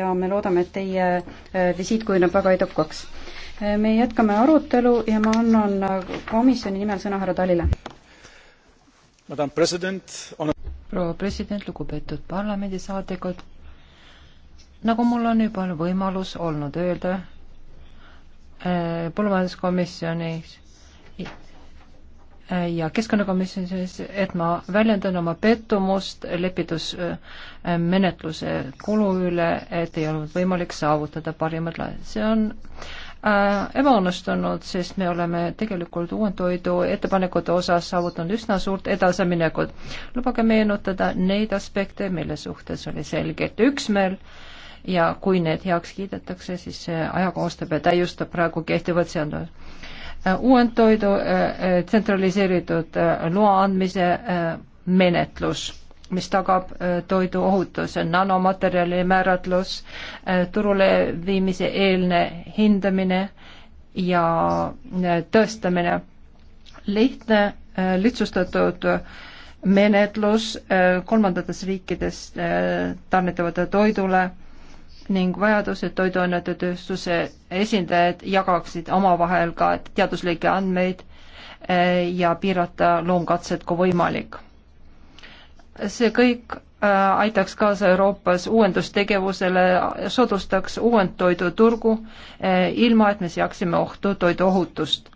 ja me loodame, et teie äh, visiit kujuneb väga edukaks. Äh, me jätkame arutelu ja ma annan äh, komisjoni nimel sõna härra Talile. proua president, lugupeetud parlamendisaadikud, nagu mul on juba võimalus olnud öelda põllumajanduskomisjonis ja keskkonnakomisjonis, et ma väljendan oma pettumust lepitusmenetluse kulu üle, et ei olnud võimalik saavutada parimat lahendust. see on äh, ebaõnnestunud, sest me oleme tegelikult uuendtoidu ettepanekute osas saavutanud üsna suurt edasiminekut. lubage meenutada neid aspekte, mille suhtes oli selgelt üksmeel ja kui need heaks kiidetakse, siis see ajakohastab ja täiustab praegu kehtivat seadust Äh, uuendtoidu äh, äh, tsentraliseeritud loa andmise menetlus, mis tagab toidu ohutuse, nanomaterjali määratlus, turule viimise eelne hindamine ja tõestamine. lihtne, lihtsustatud menetlus kolmandates riikides tarnitavate toidule ning vajadus, et toiduainetööstuse esindajad jagaksid omavahel ka teaduslikke andmeid eh, ja piirata loomkatset kui võimalik. see kõik eh, aitaks kaasa Euroopas uuendustegevusele, soodustaks uuendtoiduturgu, eh, ilma et me seaksime ohtu toiduohutust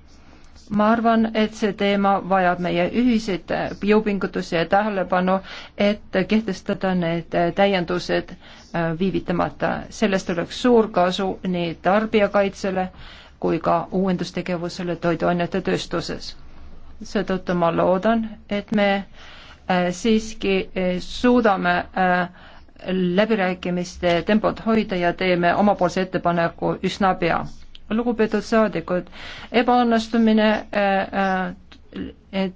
ma arvan, et see teema vajab meie ühiseid jõupingutusi ja tähelepanu, et kehtestada need täiendused äh, viivitamata. sellest oleks suur kasu nii tarbijakaitsele kui ka uuendustegevusele toiduainete tööstuses. seetõttu ma loodan, et me äh, siiski äh, suudame läbirääkimiste tempot hoida ja teeme omapoolse ettepaneku üsna pea lugupeetud saadikud, ebaõnnestumine äh, äh,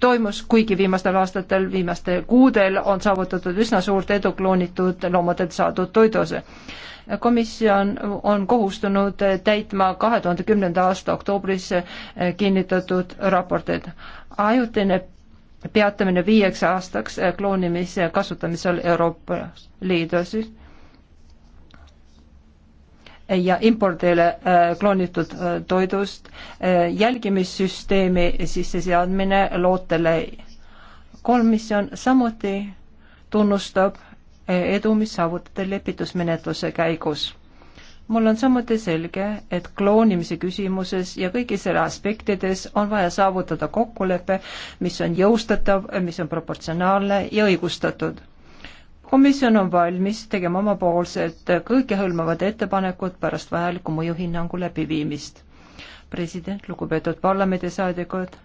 toimus, kuigi viimastel aastatel, viimastel kuudel on saavutatud üsna suurt edu kloonitud loomadelt saadud toidus. komisjon on kohustunud täitma kahe tuhande kümnenda aasta oktoobris kinnitatud raporteid. ajutine peatamine viieks aastaks kloonimise kasutamisel Euroopa Liidus ja impordile äh, kloonitud äh, toidust, äh, jälgimissüsteemi sisseseadmine lootele. komisjon samuti tunnustab edu, mis saavutati lepitusmenetluse käigus. mul on samuti selge, et kloonimise küsimuses ja kõigis selle aspektides on vaja saavutada kokkulepe, mis on jõustatav, mis on proportsionaalne ja õigustatud komisjon on valmis tegema omapoolsed kõikehõlmavad ettepanekud pärast vajaliku mõjuhinnangu läbiviimist. president, lugupeetud parlamendisaadikud,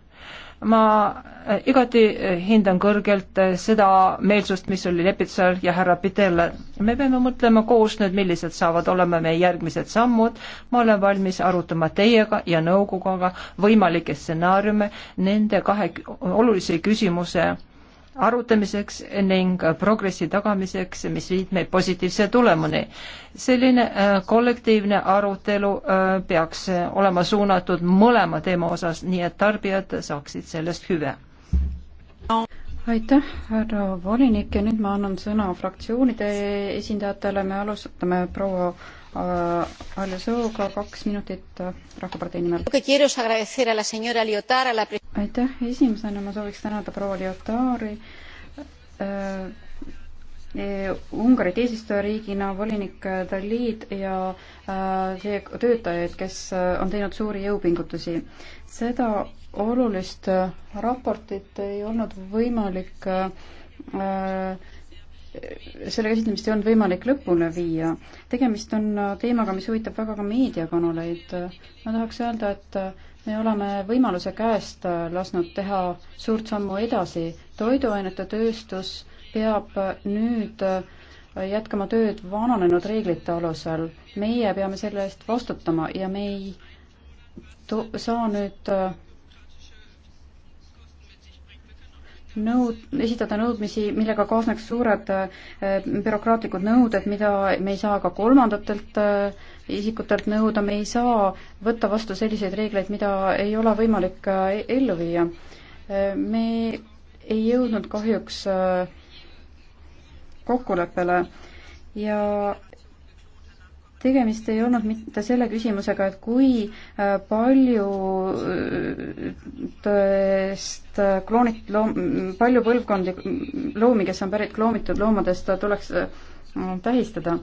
ma äh, igati äh, hindan kõrgelt äh, seda meelsust, mis oli Lepitsal ja härra Pidel. me peame mõtlema koos nüüd, millised saavad olema meie järgmised sammud. ma olen valmis arutama teiega ja nõukoguga võimalikke stsenaariume nende kahe olulise küsimuse arutamiseks ning progressi tagamiseks, mis viib meid positiivse tulemuni. selline äh, kollektiivne arutelu äh, peaks olema suunatud mõlema teema osas, nii et tarbijad saaksid sellest hüve. aitäh, härra volinik ja nüüd ma annan sõna fraktsioonide esindajatele, me alustame proua Aljasooga kaks minutit äh, Rahvapartei nimel. aitäh, esimesena ma sooviks tänada proua Lyotari äh, e, Ungarit eesistujariigina, volinik äh, Dalit ja see töötajaid, kes on teinud suuri jõupingutusi. seda olulist raportit ei olnud võimalik äh, selle käsitlemist ei olnud võimalik lõpule viia. tegemist on teemaga, mis huvitab väga ka meediakanaleid. ma tahaks öelda, et me oleme võimaluse käest lasknud teha suurt sammu edasi. toiduainete tööstus peab nüüd jätkama tööd vananenud reeglite alusel. meie peame selle eest vastutama ja me ei saa nüüd nõud, esitada nõudmisi, millega kaasneks suured äh, bürokraatlikud nõuded, mida me ei saa ka kolmandatelt äh, isikutelt nõuda, me ei saa võtta vastu selliseid reegleid, mida ei ole võimalik äh, ellu viia. me ei jõudnud kahjuks kokkuleppele ja tegemist ei olnud mitte selle küsimusega, et kui äh, paljudest äh, äh, kloonitud loom, palju põlvkondi loomi, kes on pärit kloonitud loomadest, tuleks tähistada.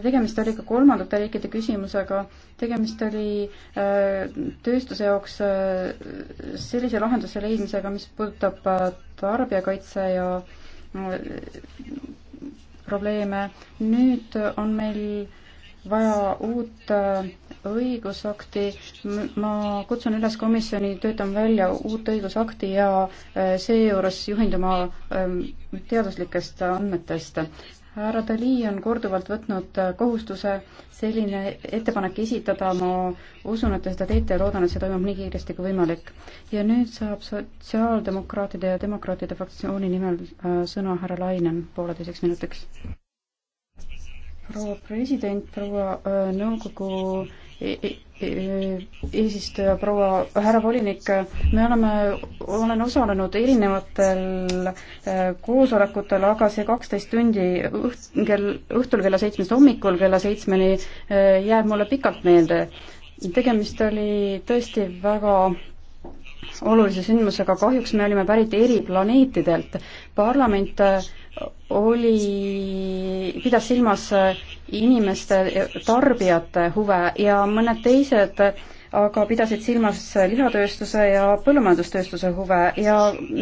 tegemist oli ka kolmandate riikide küsimusega, tegemist oli tööstuse jaoks sellise lahenduse leidmisega, mis puudutab tarbijakaitse ja probleeme. nüüd on meil vaja uut äh, õigusakti. ma kutsun üles komisjoni töötama välja uut õigusakti ja äh, seejuures juhinduma ähm, teaduslikest andmetest. härra Dali on korduvalt võtnud äh, kohustuse selline ettepanek esitada, ma usun, et te seda teete ja loodan, et see toimub nii kiiresti kui võimalik. ja nüüd saab sotsiaaldemokraatide ja demokraatide fraktsiooni nimel sõna härra Lainen pooleteiseks minutiks proua president, proua äh, nõukogu e-, e-, e-, eesistuja, proua härra volinik, me oleme, olen osalenud erinevatel äh, koosolekutel, aga see kaksteist tundi õht-, kell, õhtul kella seitsmest hommikul kella seitsmeni äh, jääb mulle pikalt meelde. tegemist oli tõesti väga olulise sündmusega, kahjuks me olime pärit eri planeetidelt. parlament oli, pidas silmas inimeste, tarbijate huve ja mõned teised aga pidasid silmas lihatööstuse ja põllumajandustööstuse huve ja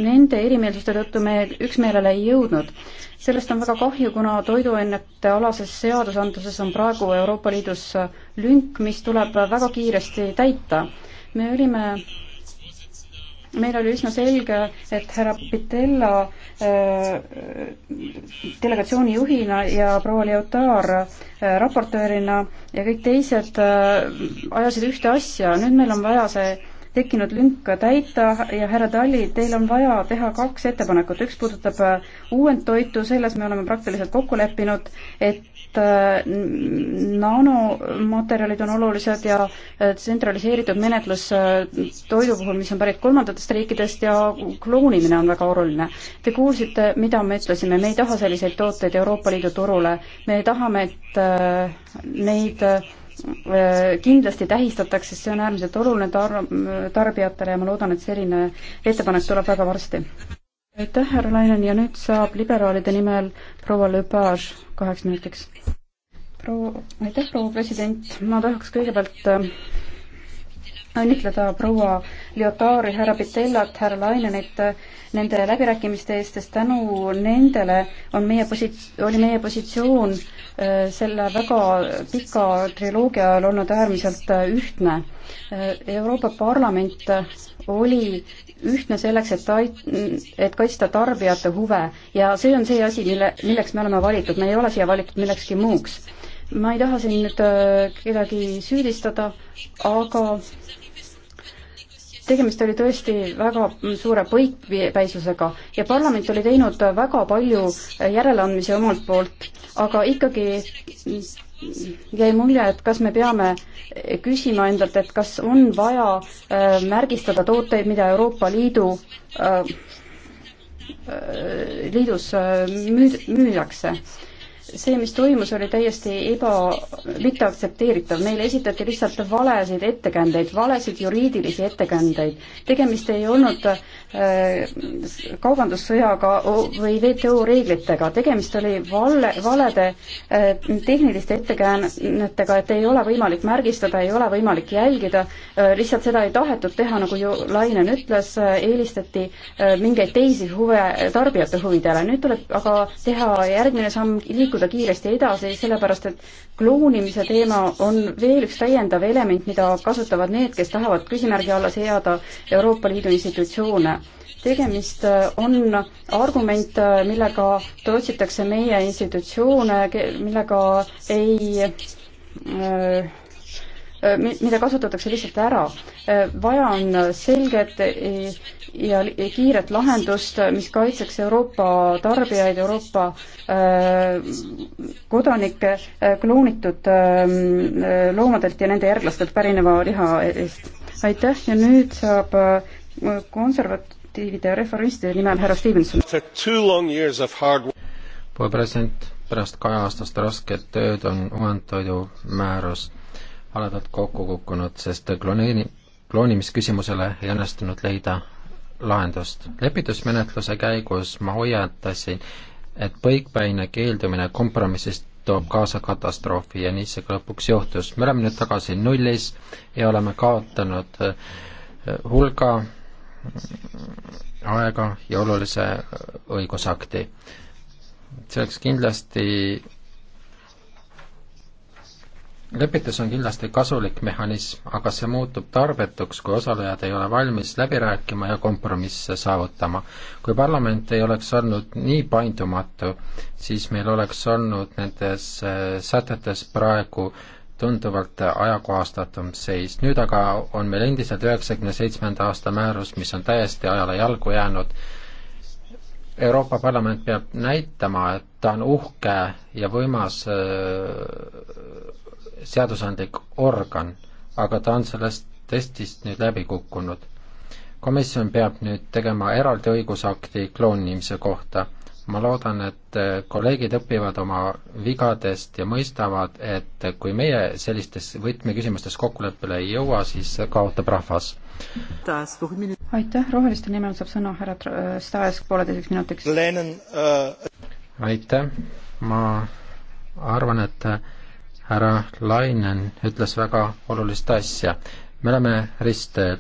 nende erimeelsuste tõttu me üksmeelele ei jõudnud. sellest on väga kahju, kuna toiduainete alases seadusandluses on praegu Euroopa Liidus lünk, mis tuleb väga kiiresti täita. me olime meil oli üsna selge, et härra Pitella äh, delegatsiooni juhina ja proua Leotaar äh, raportöörina ja kõik teised äh, ajasid ühte asja, nüüd meil on vaja see tekkinud lünk täita ja härra Tali, teil on vaja teha kaks ettepanekut, üks puudutab äh, uuendtoitu, selles me oleme praktiliselt kokku leppinud, et Äh, nanomaterjalid on olulised ja äh, tsentraliseeritud menetlus äh, toidu puhul, mis on pärit kolmandatest riikidest ja kloonimine on väga oluline. Te kuulsite, mida me ütlesime, me ei taha selliseid tooteid Euroopa Liidu turule, me tahame, et neid kindlasti tähistatakse, sest see on äärmiselt oluline tar-, tarbijatele ja ma loodan, et selline ettepanek tuleb väga varsti aitäh, härra Lainen ja nüüd saab liberaalide nimel proua Lepage kaheks minutiks. proua, aitäh, proua president, ma tahaks kõigepealt äh, õnnitleda proua Lyotari, härra Pitellat, härra Lainenit äh, nende läbirääkimiste eest, sest tänu nendele on meie posi-, oli meie positsioon äh, selle väga pika triloogia ajal olnud äärmiselt ühtne. Euroopa Parlament oli ühtne selleks, et ait-, et kaitsta tarbijate huve ja see on see asi, mille, milleks me oleme valitud, me ei ole siia valitud millekski muuks. ma ei taha siin nüüd äh, kedagi süüdistada, aga tegemist oli tõesti väga suure põikpäisusega ja parlament oli teinud väga palju järeleandmisi omalt poolt aga ikkagi jäi mulje, et kas me peame küsima endalt, et kas on vaja äh, märgistada tooteid, mida Euroopa Liidu äh, äh, liidus müü-, müüakse. see, mis toimus, oli täiesti eba, mitteaktsepteeritav, meile esitati lihtsalt valesid ettekäändeid, valesid juriidilisi ettekäändeid. tegemist ei olnud Äh, kaubandussõjaga või WTO reeglitega. tegemist oli vale, valede äh, tehniliste ettekäänetega, et ei ole võimalik märgistada, ei ole võimalik jälgida, äh, lihtsalt seda ei tahetud teha, nagu ju Lainen ütles, eelistati mingeid teisi huve tarbijate huvidele. nüüd tuleb aga teha järgmine samm, liikuda kiiresti edasi, sellepärast et kloonimise teema on veel üks täiendav element, mida kasutavad need, kes tahavad küsimärgi alla seada Euroopa Liidu institutsioone tegemist äh, on argument, äh, millega tootsitakse meie institutsioone, millega ei äh, mida kasutatakse lihtsalt ära. vaja on selget e-, ja kiiret lahendust, mis kaitseks Euroopa tarbijaid, Euroopa kodanikke kloonitud ähm, loomadelt ja nende järglastelt pärineva liha e-, eest. aitäh ja nüüd saab konservat-, konservatiivide ja reformistide nimel härra Stevenson. pool protsent pärast kaheaastast rasket tööd on Uandtoidu määrus aladalt kokku kukkunud, sest kloneeni-, kloonimisküsimusele ei õnnestunud leida lahendust. lepitusmenetluse käigus ma hoiatasin, et põikpäine keeldumine kompromissist toob kaasa katastroofi ja nii see ka lõpuks juhtus. me oleme nüüd tagasi nullis ja oleme kaotanud eh, hulga aega ja olulise õigusakti. selleks kindlasti lepitus on kindlasti kasulik mehhanism, aga see muutub tarbetuks, kui osalejad ei ole valmis läbi rääkima ja kompromisse saavutama. kui parlament ei oleks olnud nii paindumatu, siis meil oleks olnud nendes äh, sätetes praegu äh, tunduvalt ajakohastatum seis. nüüd aga on meil endiselt üheksakümne seitsmenda aasta määrus, mis on täiesti ajale jalgu jäänud. Euroopa Parlament peab näitama, et ta on uhke ja võimas äh, seadusandlik organ, aga ta on sellest testist nüüd läbi kukkunud. komisjon peab nüüd tegema eraldi õigusakti kloonimise kohta ma loodan, et äh, kolleegid õpivad oma vigadest ja mõistavad, et äh, kui meie sellistes võtmeküsimustes kokkuleppele ei jõua, siis kaotab rahvas. aitäh, Roheliste nimel saab sõna härra äh, Staes pooleteiseks minutiks. aitäh, ma arvan, et härra Lainen ütles väga olulist asja. me oleme ristteel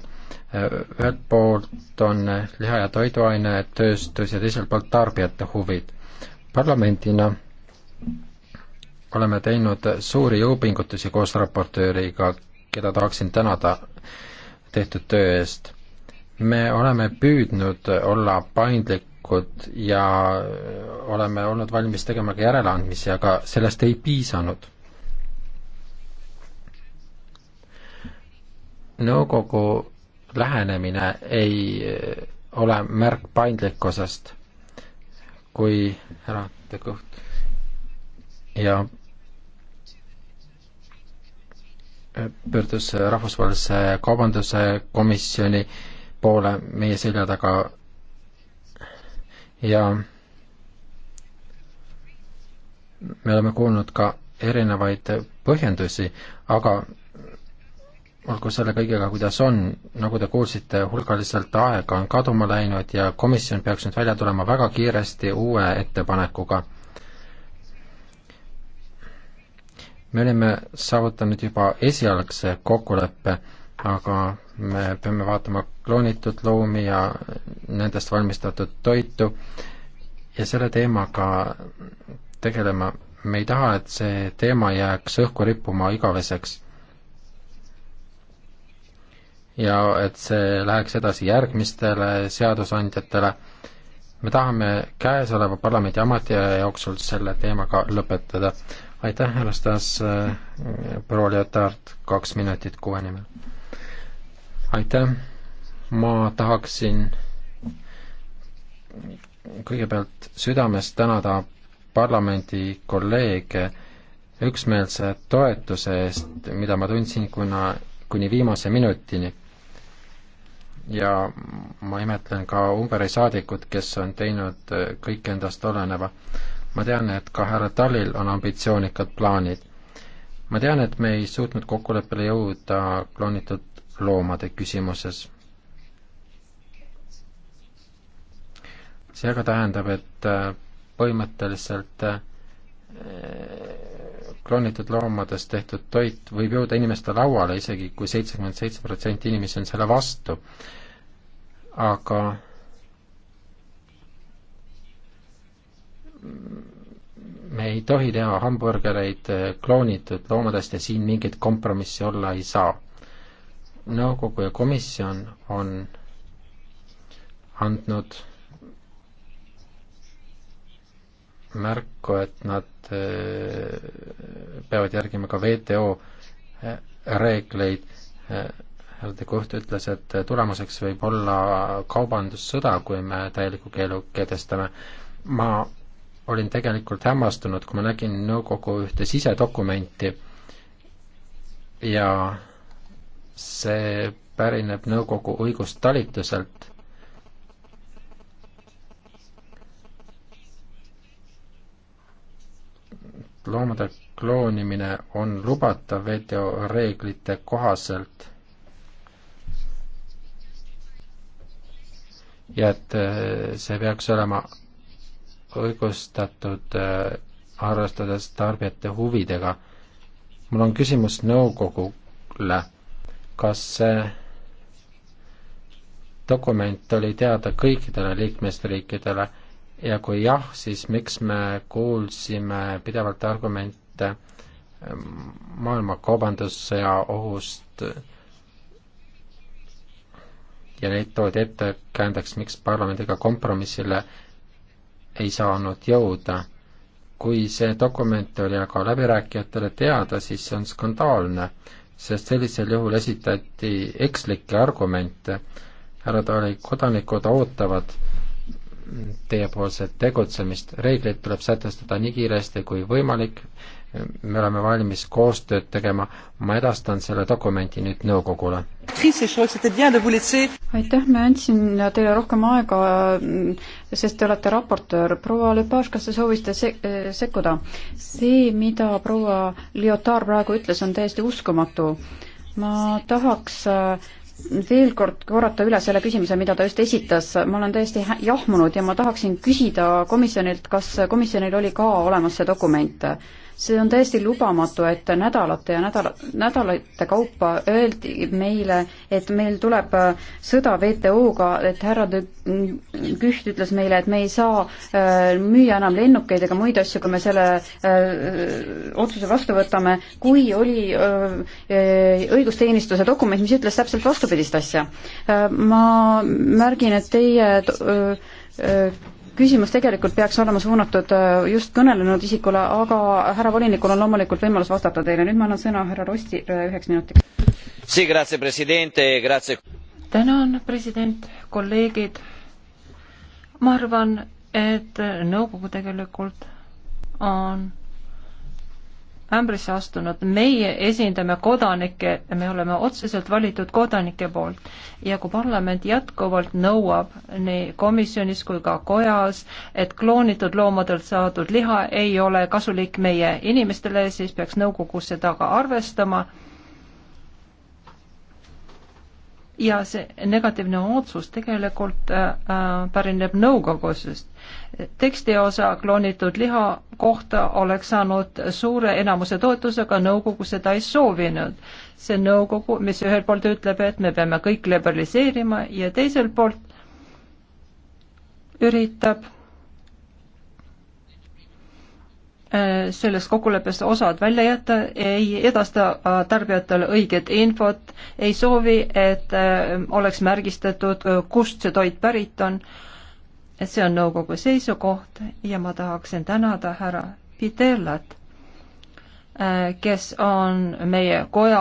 ühelt poolt on liha- ja toiduainetööstus ja teiselt poolt tarbijate huvid. parlamendina oleme teinud suuri jõupingutusi koos raportööriga, keda tahaksin tänada tehtud töö eest. me oleme püüdnud olla paindlikud ja oleme olnud valmis tegema ka järeleandmisi, aga sellest ei piisanud nõukogu lähenemine ei eh, ole märk paindlikkusest, kui härra De Kuht ja eh, pöördus Rahvusvahelise Kaubanduse Komisjoni poole meie selja taga ja me oleme kuulnud ka erinevaid põhjendusi, aga olgu selle kõigega, kuidas on, nagu te kuulsite, hulgaliselt aega on kaduma läinud ja komisjon peaks nüüd välja tulema väga kiiresti uue ettepanekuga. me olime saavutanud juba esialgse kokkuleppe, aga me peame vaatama kloonitud loomi ja nendest valmistatud toitu ja selle teemaga tegelema. me ei taha, et see teema jääks õhku rippuma igaveseks ja et see läheks edasi järgmistele seadusandjatele. me tahame käesoleva parlamendi ametiaja jooksul selle teemaga lõpetada. aitäh, härra Stas, äh, proua Leotard, kaks minutit kuue nimel. aitäh, ma tahaksin kõigepealt südamest tänada parlamendi kolleege üksmeelse toetuse eest, mida ma tundsin, kuna kuni viimase minutini ja ma imetlen ka Ungari saadikut, kes on teinud äh, kõik endast oleneva. ma tean, et ka härra Talil on ambitsioonikad plaanid. ma tean, et me ei suutnud kokkuleppele jõuda kloonitud loomade küsimuses. see aga tähendab, et äh, põhimõtteliselt äh, kloonitud loomadest tehtud toit võib jõuda inimeste lauale, isegi kui seitsekümmend seitse protsenti inimesi on selle vastu. aga me ei tohi teha hamburgereid eh, kloonitud loomadest ja siin mingeid kompromissi olla ei saa. nõukogu ja komisjon on andnud märku, et nad eh, peavad järgima ka WTO eh, reegleid. härra eh, De Kuht ütles, et tulemuseks võib olla kaubandussõda, kui me täieliku keelu kehtestame. ma olin tegelikult hämmastunud, kui ma nägin nõukogu ühte sisedokumenti ja see pärineb nõukogu õigustalituselt loomade kloonimine on lubatav WTO reeglite kohaselt ja et eh, see peaks olema õigustatud eh, arvestades tarbijate huvidega. mul on küsimus nõukogule, kas see dokument oli teada kõikidele liikmesriikidele ja kui jah, siis miks me kuulsime pidevalt argumente ähm, maailma kaubandussõja ohust ja neid toodi ettekäändeks, miks parlamendiga kompromissile ei saanud jõuda. kui see dokument oli aga läbirääkijatele teada, siis see on skandaalne, sest sellisel juhul esitati ekslikke argumente. härra Taali, kodanikud ootavad, teiepoolset tegutsemist. reegleid tuleb sätestada nii kiiresti kui võimalik, me oleme valmis koostööd tegema, ma edastan selle dokumendi nüüd nõukogule. aitäh, me andsin teile rohkem aega, sest te olete raportöör. proua Lepage, kas te soovisite se-, sekkuda? see, mida proua Lyotard praegu ütles, on täiesti uskumatu. ma tahaks äh, veel kord korrata üle selle küsimuse, mida ta just esitas, ma olen täiesti jahmunud ja ma tahaksin küsida komisjonilt, kas komisjonil oli ka olemas see dokument see on täiesti lubamatu, et nädalate ja nädala, nädalate kaupa öeldi meile, et meil tuleb äh, sõda WTO-ga, et härra de Güht ütles meile, et me ei saa äh, müüa enam lennukeid ega muid asju, kui me selle äh, otsuse vastu võtame, kui oli õigusteenistuse dokument, mis ütles täpselt vastupidist asja. ma märgin, et teie küsimus tegelikult peaks olema suunatud äh, just kõnelenud isikule, aga härra volinikul on loomulikult võimalus vastata teile. nüüd ma annan sõna härra Rossile äh, üheks minutiks. tänan, president, kolleegid. ma arvan, et nõukogu tegelikult on ämbrisse astunud, meie esindame kodanikke, me oleme otseselt valitud kodanike poolt ja kui parlament jätkuvalt nõuab nii komisjonis kui ka kojas, et kloonitud loomadelt saadud liha ei ole kasulik meie inimestele, siis peaks nõukogus seda ka arvestama ja see negatiivne otsus tegelikult äh, äh, pärineb nõukogusest. teksti osa kloonitud liha kohta oleks saanud suure enamuse toetusega, nõukogu seda ei soovinud. see nõukogu, mis ühelt poolt ütleb, et me peame kõik liberaliseerima ja teiselt poolt üritab Äh, sellest kokkuleppest osad välja jätta, ei edasta äh, tarbijatele õiget infot, ei soovi, et äh, oleks märgistatud, kust see toit pärit on. et see on nõukogu seisukoht ja ma tahaksin tänada härra Pitellat, kes on meie koja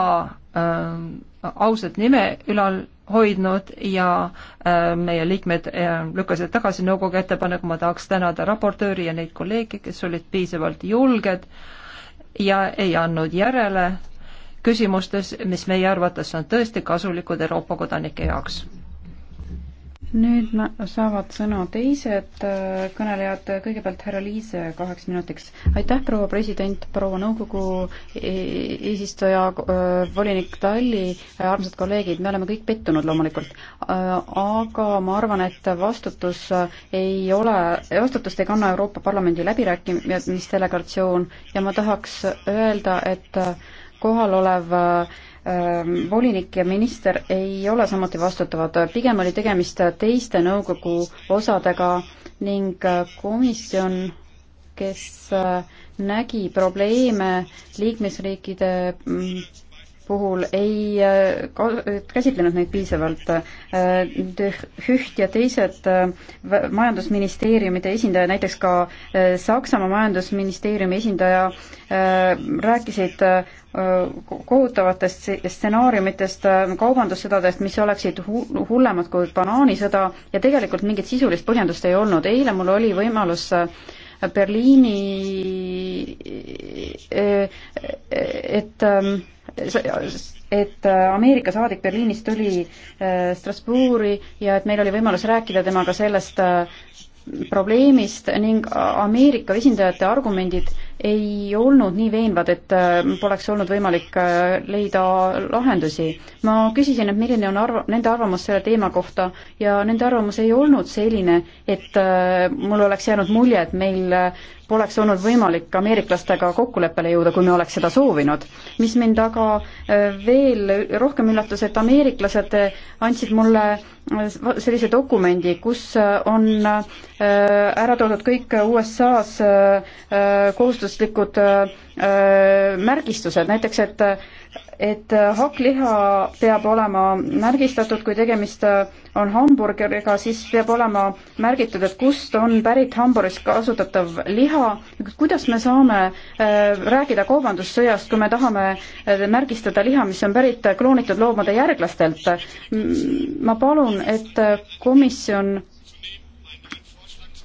ausat nime ülal hoidnud ja äh, meie liikmed äh, lükkasid tagasi nõukogu ettepaneku, ma tahaks tänada raportööri ja neid kolleege, kes olid piisavalt julged ja ei andnud järele küsimustes, mis meie arvates on tõesti kasulikud Euroopa kodanike jaoks nüüd saavad sõna teised äh, kõnelejad, kõigepealt härra Liise kaheks minutiks. aitäh, proua president, proua nõukogu e-, eesistuja, äh, volinik Talli, äh, armsad kolleegid, me oleme kõik pettunud loomulikult. aga ma arvan, et vastutus ei ole, vastutust ei kanna Euroopa Parlamendi läbirääkimisdelegatsioon ja ma tahaks öelda, et kohalolev äh, Ehm, volinik ja minister ei ole samuti vastutavad, pigem oli tegemist teiste nõukogu osadega ning äh, komisjon, kes äh, nägi probleeme liikmesriikide mm, puhul ei äh, käsitlenud neid piisavalt. Hüht äh, ja teised äh, majandusministeeriumide esindajad, näiteks ka Saksamaa majandusministeeriumi esindaja rääkisid kohutavatest stsenaariumitest, kaubandussõdadest, mis oleksid hullemad kui banaanisõda ja tegelikult mingit sisulist põhjendust ei olnud. eile mul oli võimalus Berliini, et ähm, et äh, Ameerika saadik Berliinis tuli äh, Strasbourgi ja et meil oli võimalus rääkida temaga sellest äh, probleemist ning Ameerika esindajate argumendid ei olnud nii veenvad, et äh, poleks olnud võimalik äh, leida lahendusi. ma küsisin, et milline on arv-, nende arvamus selle teema kohta ja nende arvamus ei olnud selline, et äh, mul oleks jäänud mulje, et meil poleks olnud võimalik ameeriklastega kokkuleppele jõuda, kui me oleks seda soovinud. mis mind aga veel rohkem üllatas, et ameeriklased andsid mulle sellise dokumendi, kus on ära toodud kõik USA-s kohustus kohustuslikud äh, äh, märgistused, näiteks et et hakkliha peab olema märgistatud, kui tegemist äh, on hamburgeriga, siis peab olema märgitud, et kust on pärit hamburgis kasutatav liha. kuidas me saame rääkida kaubandussõjast, kui me tahame märgistada liha, mis on pärit kloonitud loomade järglastelt? ma palun, et komisjon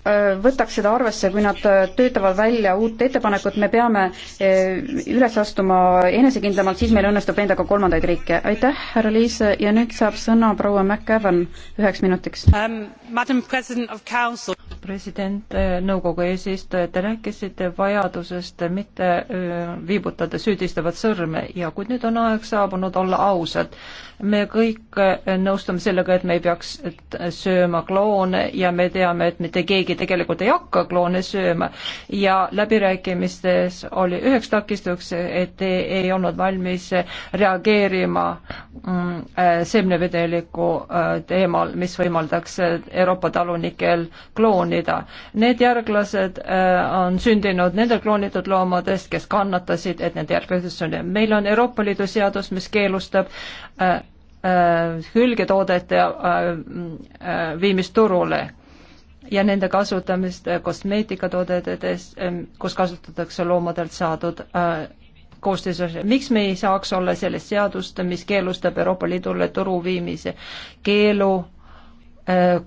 Äh, võtaks seda arvesse, kui nad äh, töötavad välja uut ettepanekut, me peame äh, üles astuma enesekindlamalt, siis meil õnnestub endaga kolmandaid riike. aitäh, härra Liis, ja nüüd saab sõna proua McEwan üheks minutiks um, president, äh, nõukogu eesistuja, te rääkisite vajadusest mitte äh, viibutada süüdistavat sõrme ja kuid nüüd on aeg saabunud olla ausad. me kõik äh, nõustume sellega, et me ei peaks sööma kloone ja me teame, et mitte keegi tegelikult ei hakka kloone sööma ja läbirääkimistes oli üheks takistuseks, et te ei olnud valmis reageerima mm, seemnevedeliku teemal, mis võimaldaks Euroopa talunikel klooni kontrollida. Need järglased äh, on sündinud nendel kloonitud loomadest, kes kannatasid, et need järglased sünnivad. meil on Euroopa Liidu seadus, mis keelustab äh, äh, hülgetoodete viimist turule ja nende kasutamist kosmeetikatoodetes, kus kasutatakse loomadelt saadud koostises, miks me ei saaks olla sellist seadust, mis keelustab Euroopa Liidule turu viimise keelu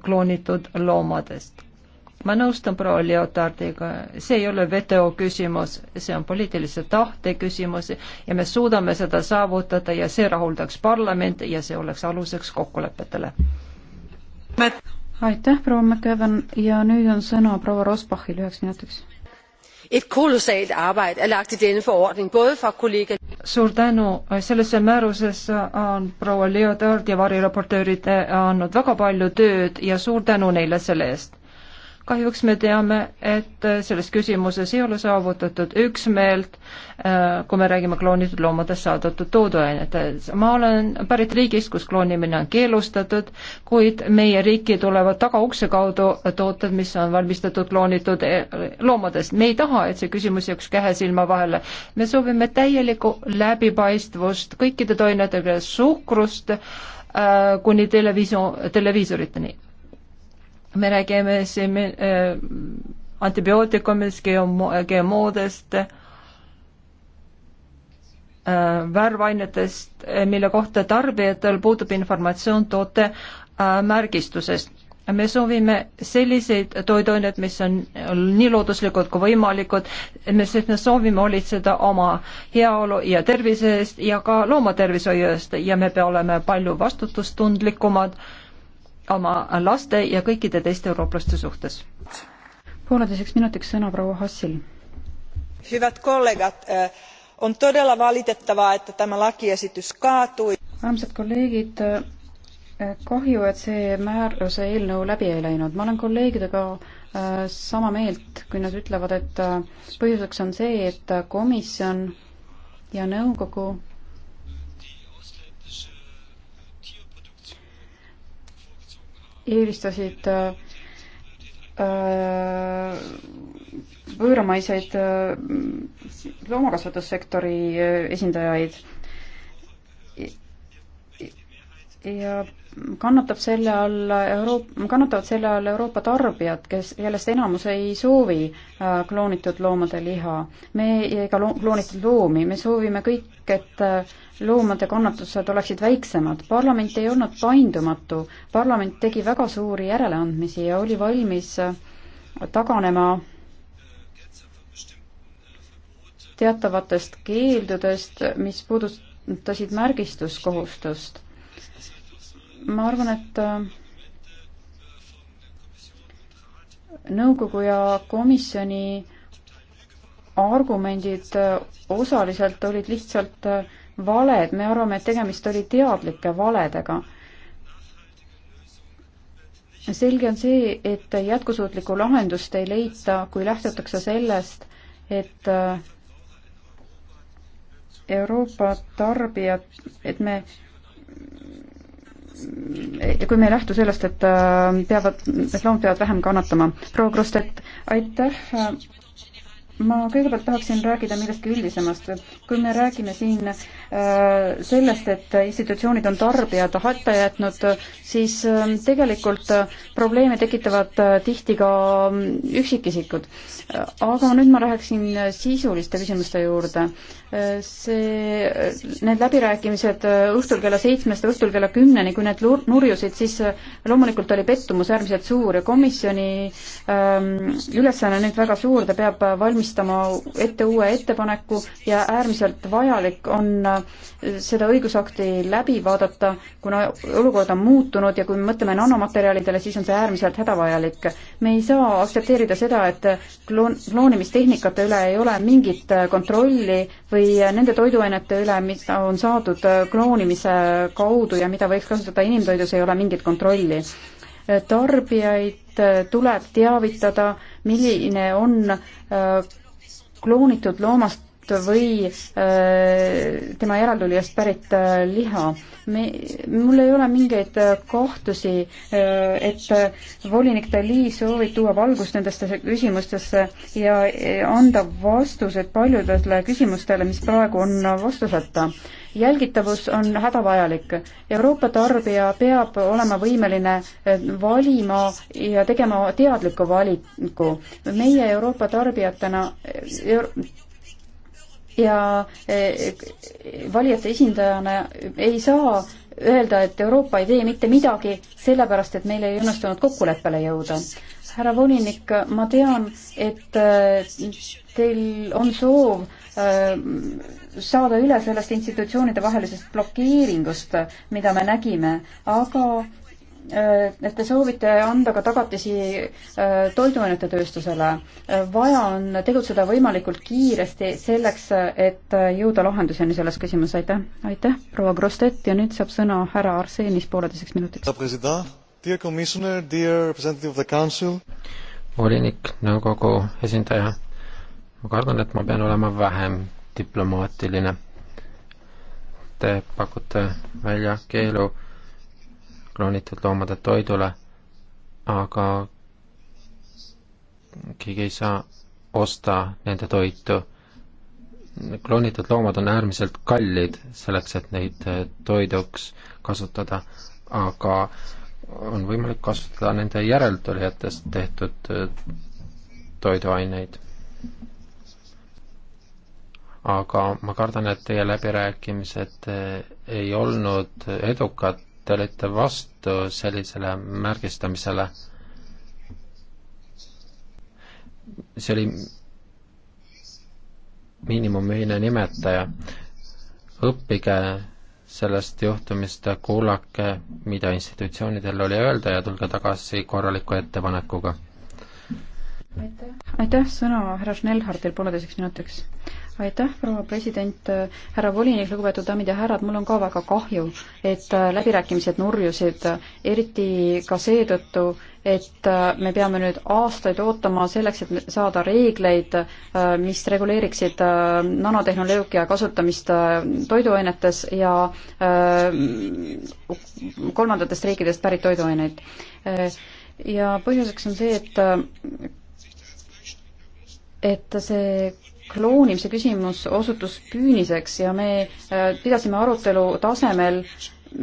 kloonitud loomadest ma nõustun proua Leotardiga, see ei ole WTO küsimus, see on poliitilise tahte küsimus ja me suudame seda saavutada ja see rahuldaks parlamenti ja see oleks aluseks kokkulepetele. aitäh, proua McEwan ja nüüd on sõna proua Rosbachil üheks minutiks. Et kolossalt arbeid er lagt i denne forordning, både fra kolleger suur tänu, sellesse määrusesse on proua Leotard ja variraportöörid andnud väga palju tööd ja suur tänu neile selle eest kahjuks me teame, et selles küsimuses ei ole saavutatud üksmeelt, äh, kui me räägime kloonitud loomadest saadetud toiduainetest. ma olen pärit riigist, kus kloonimine on keelustatud, kuid meie riiki tulevad tagaukse kaudu tooted, mis on valmistatud kloonitud äh, loomadest. me ei taha, et see küsimus jääks kähe silma vahele. me soovime täielikku läbipaistvust kõikide toinetega suhkrust äh, kuni televiisio-, televiisoriteni me räägime siin äh, antibiootikumidest, GMO-dest äh,, värvainetest, äh, mille kohta tarbijatel puudub informatsioon toote äh, märgistusest. me soovime selliseid toiduained, mis on nii looduslikud kui võimalikud, me, sest me soovime hoolitseda oma heaolu ja tervise eest ja ka loomatervishoiu eest ja me peame olema palju vastutustundlikumad äh, oma laste ja kõikide teiste eurooplaste suhtes. pooleteiseks minutiks sõna proua Hassil. hyvät kollegat, äh, on todella valitettavaa, että tämä lakiesitys kaatui. armsad kolleegid, äh, kahju, et see määruse eelnõu läbi ei läinud. ma olen kolleegidega äh, sama meelt, kui nad ütlevad, et põhjuseks on see, et komisjon ja nõukogu eelistasid äh, äh, võõramaiseid äh, loomakasvatussektori esindajaid ja kannatab selle all Euroop-, kannatavad selle all Euroopa tarbijad, kes, kellest enamus ei soovi äh, kloonitud loomade liha. me, ega lo-, kloonitud loomi, me soovime kõik, et äh, loomade kannatused oleksid väiksemad. parlament ei olnud paindumatu, parlament tegi väga suuri järeleandmisi ja oli valmis äh, taganema teatavatest keeldudest, mis puudutasid märgistuskohustust ma arvan, et äh, nõukogu ja komisjoni argumendid äh, osaliselt olid lihtsalt äh, valed, me arvame, et tegemist oli teadlike valedega. selge on see, et jätkusuutlikku lahendust ei leita, kui lähtutakse sellest, et Euroopa tarbijad, et me ja kui me ei lähtu sellest, et äh, peavad, et loomad peavad vähem kannatama. proua Krustet, aitäh ma kõigepealt tahaksin rääkida millestki üldisemast. kui me räägime siin äh, sellest, et institutsioonid on tarbijad hätta jätnud, siis äh, tegelikult äh, probleeme tekitavad äh, tihti ka mm, üksikisikud. aga nüüd ma läheksin sisuliste küsimuste juurde. Äh, see, äh, need läbirääkimised õhtul kella seitsmest õhtul kella kümneni, kui need nurjusid, siis loomulikult oli pettumus äärmiselt suur ja komisjoni ähm, ülesanne nüüd väga suur, ta peab valmis valmistama ette uue ettepaneku ja äärmiselt vajalik on äh, seda õigusakti läbi vaadata, kuna olukord on muutunud ja kui me mõtleme nanomaterjalidele, siis on see äärmiselt hädavajalik. me ei saa aktsepteerida seda, et kloon, kloonimistehnikate üle ei ole mingit äh, kontrolli või äh, nende toiduainete üle, mis on saadud kloonimise kaudu ja mida võiks kasutada inimtoidus, ei ole mingit kontrolli tarbijaid tuleb teavitada, milline on kloonitud loomast toidust või äh, tema järeltulijast pärit äh, liha. me, mul ei ole mingeid äh, kahtlusi, et volinik Dali soovib tuua valgust nendesse küsimustesse ja anda vastused paljudele küsimustele, mis praegu on vastuseta jälgitavus on hädavajalik. Euroopa tarbija peab olema võimeline valima ja tegema teadliku valiku. meie Euroopa tarbijatena ja e, valijate esindajana ei saa öelda, et Euroopa ei tee mitte midagi, sellepärast et meil ei õnnestunud kokkuleppele jõuda. härra volinik, ma tean, et e, teil on soov e, saada üle sellest institutsioonide vahelisest blokeeringust, mida me nägime, aga et te soovite anda ka tagatisi äh, toiduainete tööstusele. Äh, vaja on tegutseda võimalikult kiiresti selleks, et äh, jõuda lahenduseni selles küsimuses, aitäh. aitäh, proua Grostet ja nüüd saab sõna härra Arsenis pooleteiseks minutiks. volinik, nõukogu esindaja, ma kardan, et ma pean olema vähem diplomaatiline. Te pakute välja keelu kloonitud loomade toidule, aga keegi ei saa osta nende toitu. kloonitud loomad on äärmiselt kallid selleks, et neid äh, toiduks kasutada, aga on võimalik kasutada nende järeltulijatest tehtud äh, toiduaineid. aga ma kardan, et teie läbirääkimised äh, ei olnud edukad te olite vastu sellisele märgistamisele. see oli miinimumühine nimetaja. õppige sellest juhtumist, kuulake, mida institutsioonidel oli öelda ja tulge tagasi korraliku ettepanekuga aitäh, aitäh sõna härra Schnellhardil pooleteiseks minutiks aitäh, proua president, äh, härra volinik, lugupeetud daamid ja härrad, mul on ka väga kahju, et äh, läbirääkimised nurjusid, äh, eriti ka seetõttu, et me peame nüüd aastaid ootama selleks, et saada reegleid, mis reguleeriksid nanotehnoloogia kasutamist toiduainetes ja kolmandatest riikidest pärit toiduaineid. ja põhjuseks on see, et et see kloonimise küsimus osutus küüniseks ja me äh, pidasime arutelu tasemel,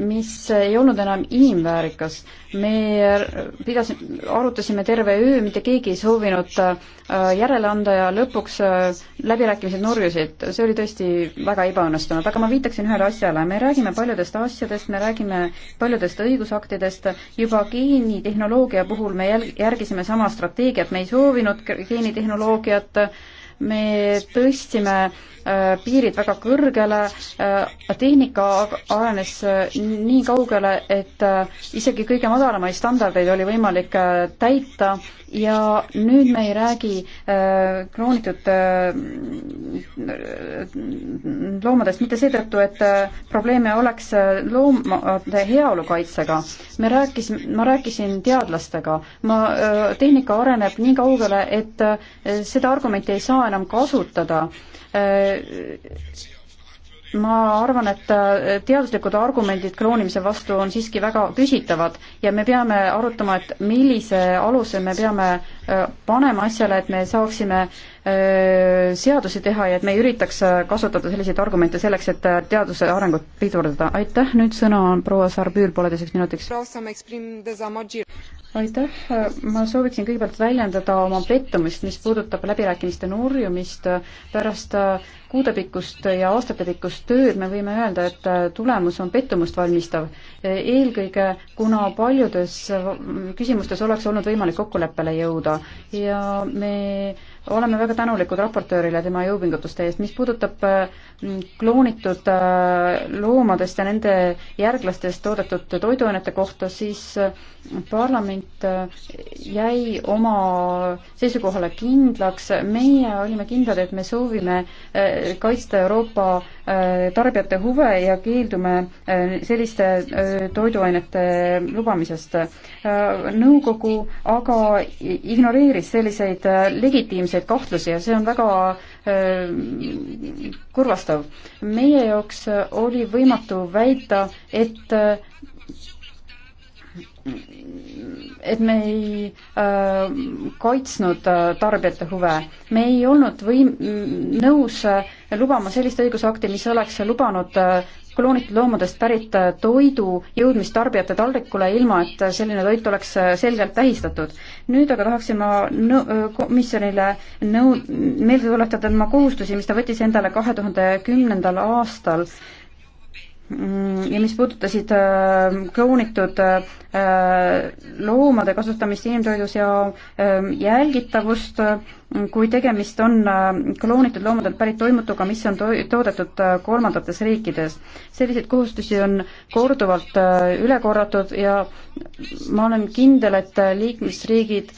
mis ei olnud enam inimväärikas. me äh, pidasime, arutasime terve öö, mitte keegi ei soovinud äh, järele anda ja lõpuks läbirääkimised nurjusid. see oli tõesti väga ebaõnnestunud, aga ma viitaksin ühele asjale. me räägime paljudest asjadest, me räägime paljudest õigusaktidest, juba geenitehnoloogia puhul me jälg-, järgisime sama strateegiat, me ei soovinud geenitehnoloogiat äh, me tõstsime Äh, piirid väga kõrgele, äh, tehnika arenes äh, nii kaugele, et isegi kõige madalamaid standardeid oli võimalik täita ja nüüd me ei räägi kloonitud loomadest mitte seetõttu, et probleeme oleks loomade heaolu kaitsega. me rääkisime, ma rääkisin teadlastega, ma, tehnika areneb nii kaugele, et seda argumenti ei saa enam kasutada Äh, ma arvan, et äh, teaduslikud argumendid kloonimise vastu on siiski väga küsitavad ja me peame arutama, et millise aluse me peame äh, panema asjale, et me saaksime äh, Äh, seadusi teha ja et me ei üritaks äh, kasutada selliseid argumente selleks, et äh, teaduse arengut pidurdada. aitäh, nüüd sõna on proua Sarbüür pooleteiseks minutiks. aitäh, ma sooviksin kõigepealt väljendada oma pettumist, mis puudutab läbirääkimiste nurjumist pärast kuudepikkust ja aastatepikkust tööd me võime öelda, et tulemus on pettumust valmistav. eelkõige, kuna paljudes küsimustes oleks olnud võimalik kokkuleppele jõuda ja me oleme väga tänulikud raportöörile tema jõupingutuste eest. mis puudutab äh, kloonitud äh, loomadest ja nende järglastest toodetud toiduainete kohta, siis äh, parlament jäi oma seisukohale kindlaks. meie olime kindlad, et me soovime kaitsta Euroopa tarbijate huve ja keeldume selliste toiduainete lubamisest. nõukogu aga ignoreeris selliseid legitiimseid igasuguseid kahtlusi ja see on väga äh, kurvastav. meie jaoks äh, oli võimatu väita, et äh, et me ei äh, kaitsnud äh, tarbijate huve. me ei olnud võim-, nõus äh, lubama sellist õigusakti, mis oleks lubanud äh, kloonitud loomadest pärit äh, toidu jõudmist tarbijate taldrikule, ilma et äh, selline toit oleks äh, selgelt tähistatud. nüüd aga tahaksin ma nõu-, äh, komisjonile nõu-, meelde tuletada tema kohustusi, mis ta võttis endale kahe tuhande kümnendal aastal äh, Mm, ja mis puudutasid äh, kloonitud äh, loomade kasutamist inimtoidus ja ähm, jälgitavust, kui tegemist on äh, kloonitud loomadelt pärit toimutuga, mis on to toodetud äh, kolmandates riikides. selliseid kohustusi on korduvalt äh, üle korratud ja ma olen kindel, et liikmesriigid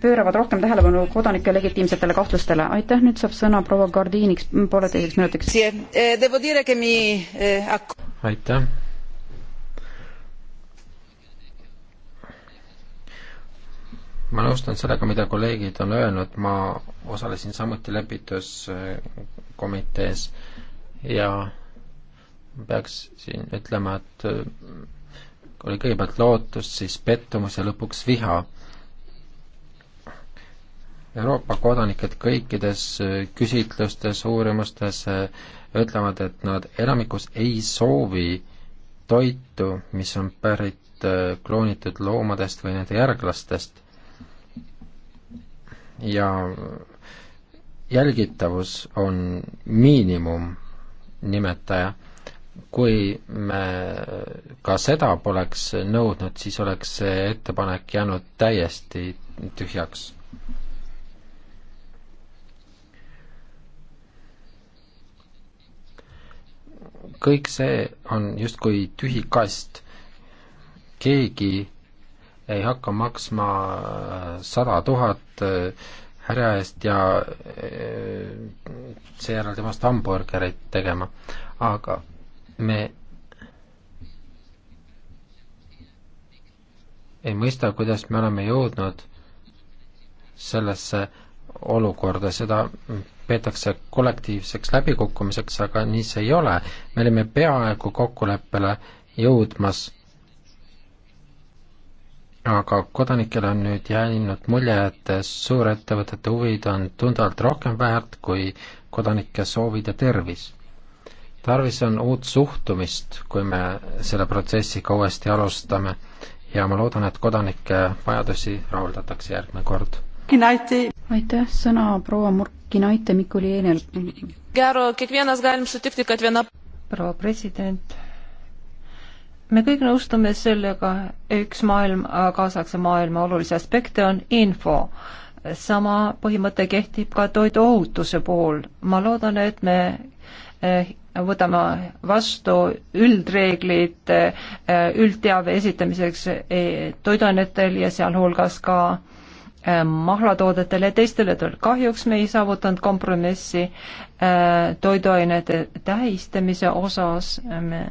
pööravad rohkem tähelepanu kodanike legitiimsetele kahtlustele. aitäh, nüüd saab sõna proua Gardiiniks pooleteiseks minutiks. Eh, eh, aitäh ma nõustun sellega, mida kolleegid on öelnud, ma osalesin samuti lepituskomitees ja peaksin ütlema, et oli kõigepealt lootus, siis pettumus ja lõpuks viha. Euroopa kodanikud kõikides küsitlustes, uurimustes ütlevad, et nad elamikus ei soovi toitu, mis on pärit kloonitud loomadest või nende järglastest ja jälgitavus on miinimumnimetaja. kui me ka seda poleks nõudnud, siis oleks see ettepanek jäänud täiesti tühjaks. kõik see on justkui tühi kast, keegi ei hakka maksma äh, sada tuhat äh, härja eest ja äh, seejärel temast hamburgerit tegema. aga me ei mõista, kuidas me oleme jõudnud sellesse olukorda, seda peetakse kollektiivseks läbikukkumiseks, aga nii see ei ole. me olime peaaegu kokkuleppele jõudmas aga kodanikel on nüüd jäänud mulje, et suurettevõtete huvid on tunduvalt rohkem väärt kui kodanike soovid ja tervis. tarvis on uut suhtumist, kui me selle protsessiga uuesti alustame ja ma loodan, et kodanike vajadusi rahuldatakse järgmine kord. aitäh, sõna proua Murkinaite Mikulienel. proua president me kõik nõustume sellega, üks maailm, kaasaegse maailma olulisi aspekte on info. sama põhimõte kehtib ka toiduohutuse puhul. ma loodan, et me eh, võtame vastu üldreeglid eh, üldteave esitamiseks eh, toiduainetel ja sealhulgas ka äh, Äh, mahlatoodetele ja teistele toodetele. kahjuks me ei saavutanud kompromissi äh, toiduainete tähistamise osas, äh, me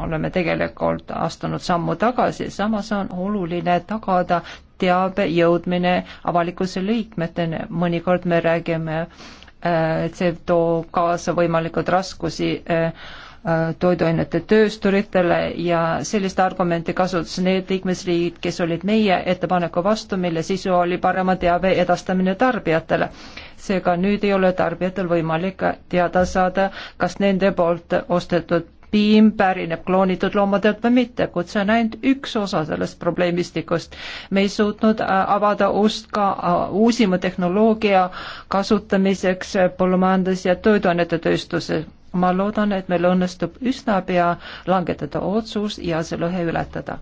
oleme tegelikult astunud sammu tagasi, samas on oluline tagada teabe jõudmine avalikkuse liikmeteni, mõnikord me räägime, et see toob kaasa võimalikud raskusi äh, Äh, toiduainete töösturitele ja sellist argumenti kasutas need liikmesriigid, kes olid meie ettepaneku vastu, mille sisu oli parema teabe edastamine tarbijatele. seega nüüd ei ole tarbijatel võimalik teada saada, kas nende poolt ostetud piim pärineb kloonitud loomadelt või mitte, kuid see on ainult üks osa sellest probleemistikust. me ei suutnud äh, avada ust ka äh, uusima tehnoloogia kasutamiseks põllumajandus- ja toiduainetetööstuses ma loodan, et meil õnnestub üsna pea langetada otsus ja see lõhe ületada.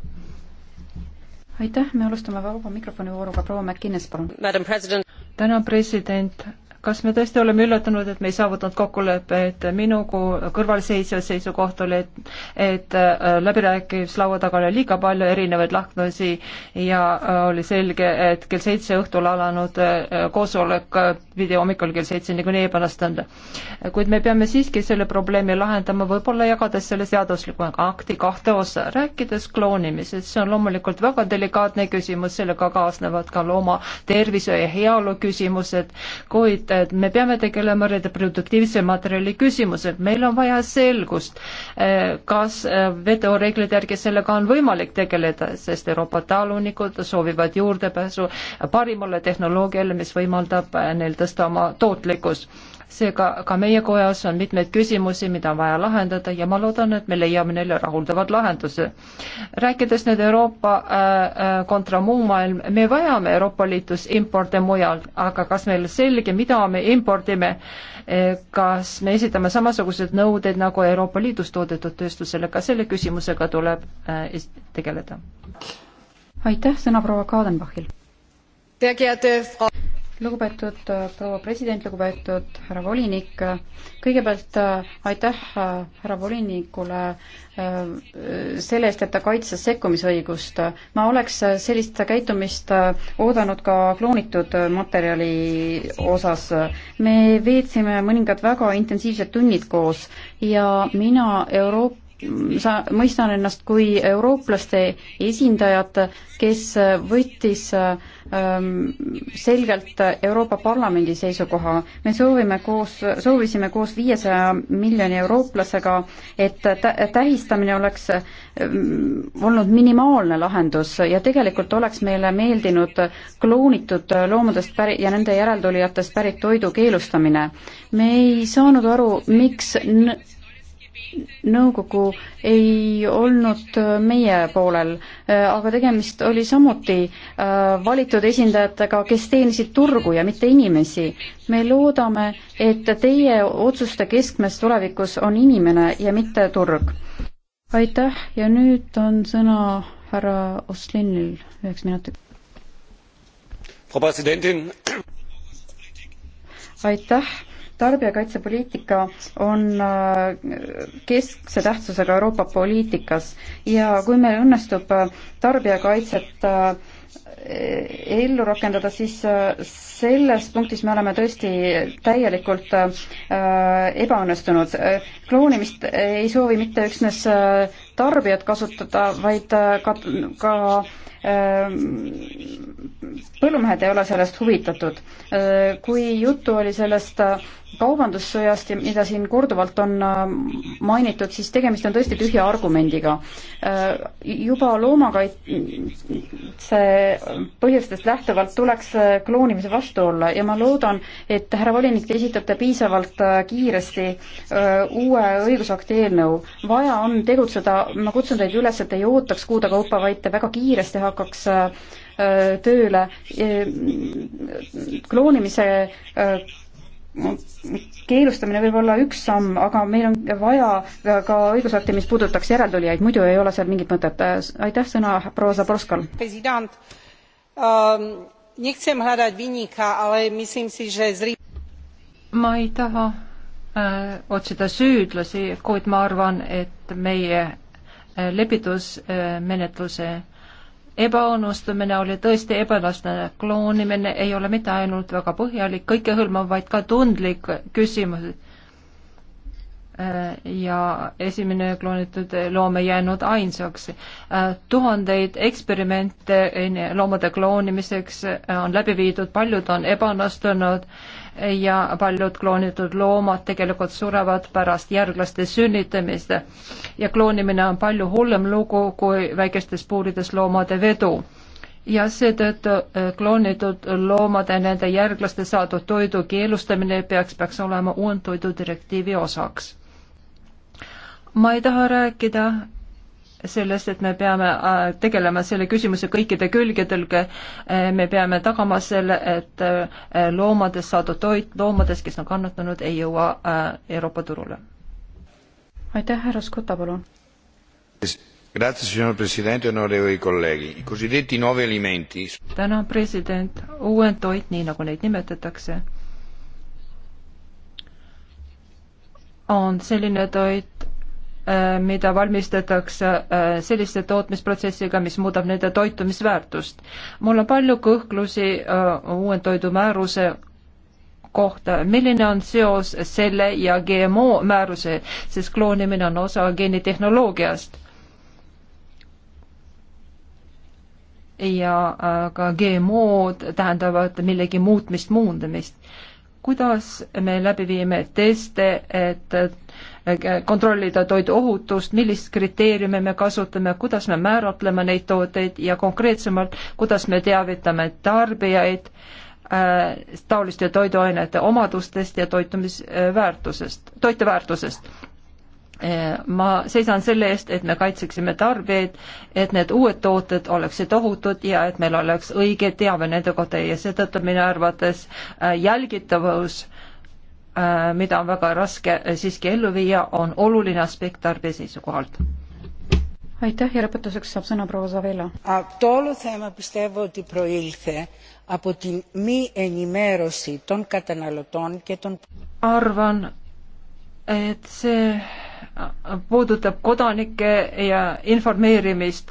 aitäh, me alustame vaba mikrofoni vooruga, proua McInnes, palun. tänan, president kas me tõesti oleme üllatunud, et me ei saavutanud kokkulepet, minu kui kõrvalseisja seisukoht oli, et, et äh, läbirääkimislaua taga oli liiga palju erinevaid lahknusi ja äh, oli selge, et kell seitse õhtul alanud äh, koosolek pidi hommikul kell seitse niikuinii ebalastanud. kuid me peame siiski selle probleemi lahendama, võib-olla jagades selle seadusliku akti kahte osa, rääkides kloonimisest, see on loomulikult väga delikaatne küsimus, sellega kaasnevad ka looma tervise ja heaolu küsimused, kuid näita, et me peame tegelema reproduktiivse materjali küsimusega, meil on vaja selgust, eh, kas eh, WTO reeglite järgi sellega on võimalik tegeleda, sest Euroopa talunikud soovivad juurdepääsu parimale tehnoloogiale, mis võimaldab eh, neil tõsta oma tootlikkust seega ka meie kojas on mitmeid küsimusi, mida on vaja lahendada ja ma loodan, et me leiame neile rahuldavad lahenduse. rääkides nüüd Euroopa äh, äh kontra muu maailm, me vajame Euroopa Liidus importe mujalt, aga kas meil selge, mida me impordime, äh, kas me esitame samasugused nõuded nagu Euroopa Liidus toodetud tööstusele, ka selle küsimusega tuleb äh, tegeleda. aitäh, sõna proua Kadenbachil lugupeetud äh, proua president, lugupeetud härra volinik, äh, kõigepealt äh, aitäh härra volinikule selle eest, et ta kaitses sekkumisõigust. ma oleks sellist käitumist oodanud ka kloonitud materjali osas. me veetsime mõningad väga intensiivsed tunnid koos ja mina Euroopa sa, mõistan ennast kui eurooplaste esindajat, kes võttis äh, Ähm, selgelt Euroopa Parlamendi seisukoha. me soovime koos, soovisime koos viiesaja miljoni eurooplasega, et tähistamine oleks ähm, olnud minimaalne lahendus ja tegelikult oleks meile meeldinud kloonitud loomadest päri- ja nende järeltulijatest pärit toidu keelustamine. me ei saanud aru miks, miks nõukogu ei olnud meie poolel, aga tegemist oli samuti äh, valitud esindajatega, kes teenisid turgu ja mitte inimesi. me loodame, et teie otsuste keskmes tulevikus on inimene ja mitte turg. aitäh ja nüüd on sõna härra Oslinil üheks minutiks. aitäh tarbijakaitsepoliitika on äh, keskse tähtsusega Euroopa poliitikas ja kui meil õnnestub äh, tarbijakaitset äh, e, ellu rakendada, siis selles punktis me oleme tõesti täielikult ebaõnnestunud. kloonimist ei soovi mitte üksnes tarbijad kasutada, vaid ka, ka Ehm, põllumehed ei ole sellest huvitatud. Ehm, kui juttu oli sellest äh, kaubandussõjast, mida siin korduvalt on äh, mainitud, siis tegemist on tõesti tühja argumendiga. Ehm, juba loomakaitse põhjustest lähtuvalt tuleks äh, kloonimise vastu olla ja ma loodan, et härra volinik, te esitate piisavalt kiiresti uue õigusakti eelnõu. vaja on tegutseda, ma kutsun teid üles, et ei ootaks kuude kaupa, vaid väga kiiresti hakkaks äh, äh, tööle. E, kloonimise äh, keelustamine võib olla üks samm, aga meil on vaja ka õigusakti, mis puudutaks järeltulijaid, muidu ei ole seal mingit mõtet. aitäh sõna proua Zaborskal. president um,, ähm, nechcem hľadať viníka, ale myslím si, že zri... ma ei taha äh, otsida süüdlasi, kuid ma arvan, et meie äh, lepitusmenetluse äh, ebaõnnestumine oli tõesti ebalastne. kloonimine ei ole mitte ainult väga põhjalik, kõikehõlmav, vaid ka tundlik küsimus Äh, ja esimene kloonitud loom ei jäänud ainsaks. Äh, tuhandeid eksperimente loomade kloonimiseks äh, on läbi viidud, paljud on ebaõnnestunud ja paljud kloonitud loomad tegelikult surevad pärast järglaste sünnitamist. ja kloonimine on palju hullem lugu kui väikestes puurides loomade vedu ja seetõttu kloonitud loomade, nende järglaste saadud toidu keelustamine peaks, peaks olema uuendtoidu direktiivi osaks ma ei taha rääkida sellest, et me peame äh, tegelema selle küsimuse kõikide külgedega, äh, me peame tagama selle, et äh, loomadest saadud toit loomadest, kes on kannatanud, ei jõua Euroopa turule. aitäh, härra Skotta, palun. tänan, president, uuend toit, nii nagu neid nimetatakse, on selline toit, Äh, mida valmistatakse äh, selliste tootmisprotsessiga, mis muudab nende toitumisväärtust. mul on palju kõhklusi äh, uuendtoidu määruse kohta, milline on seos selle ja GMO määruse, sest kloonimine on osa geenitehnoloogiast. ja ka GMO-d tähendavad millegi muutmist, muundamist. kuidas me läbi viime teste, et kontrollida toidu ohutust, millist kriteeriumi me kasutame, kuidas me määratleme neid tooteid ja konkreetsemalt, kuidas me teavitame tarbijaid äh, taoliste toiduainete omadustest ja toitumisväärtusest, toiteväärtusest äh, ma seisan selle eest, et me kaitseksime tarbijaid, et need uued tooted oleksid ohutud ja et meil oleks õige teave nende kohta ja seetõttu minu arvates äh, jälgitavus äh, Äh, mida on väga raske äh, siiski ellu viia, on oluline aspekt tarbija seisukohalt. aitäh ja lõpetuseks saab sõna proua Zavela. το όλο θέμα πιστεύω ότι προήλθε από τη μη ενημέρωση των καταναλωτών και των arvan, et see äh, puudutab kodanikke ja informeerimist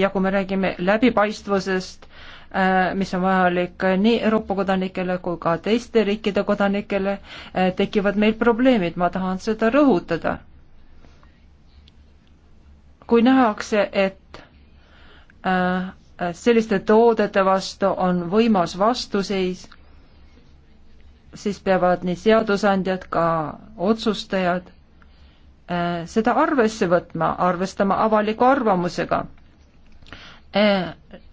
ja kui me räägime läbipaistvusest, Äh, mis on vajalik nii Euroopa kodanikele kui ka teiste riikide kodanikele, äh, tekivad meil probleemid, ma tahan seda rõhutada. kui nähakse, et äh, selliste toodete vastu on võimas vastuseis, siis peavad nii seadusandjad, ka otsustajad seda arvesse võtma, arvestama avaliku arvamusega E,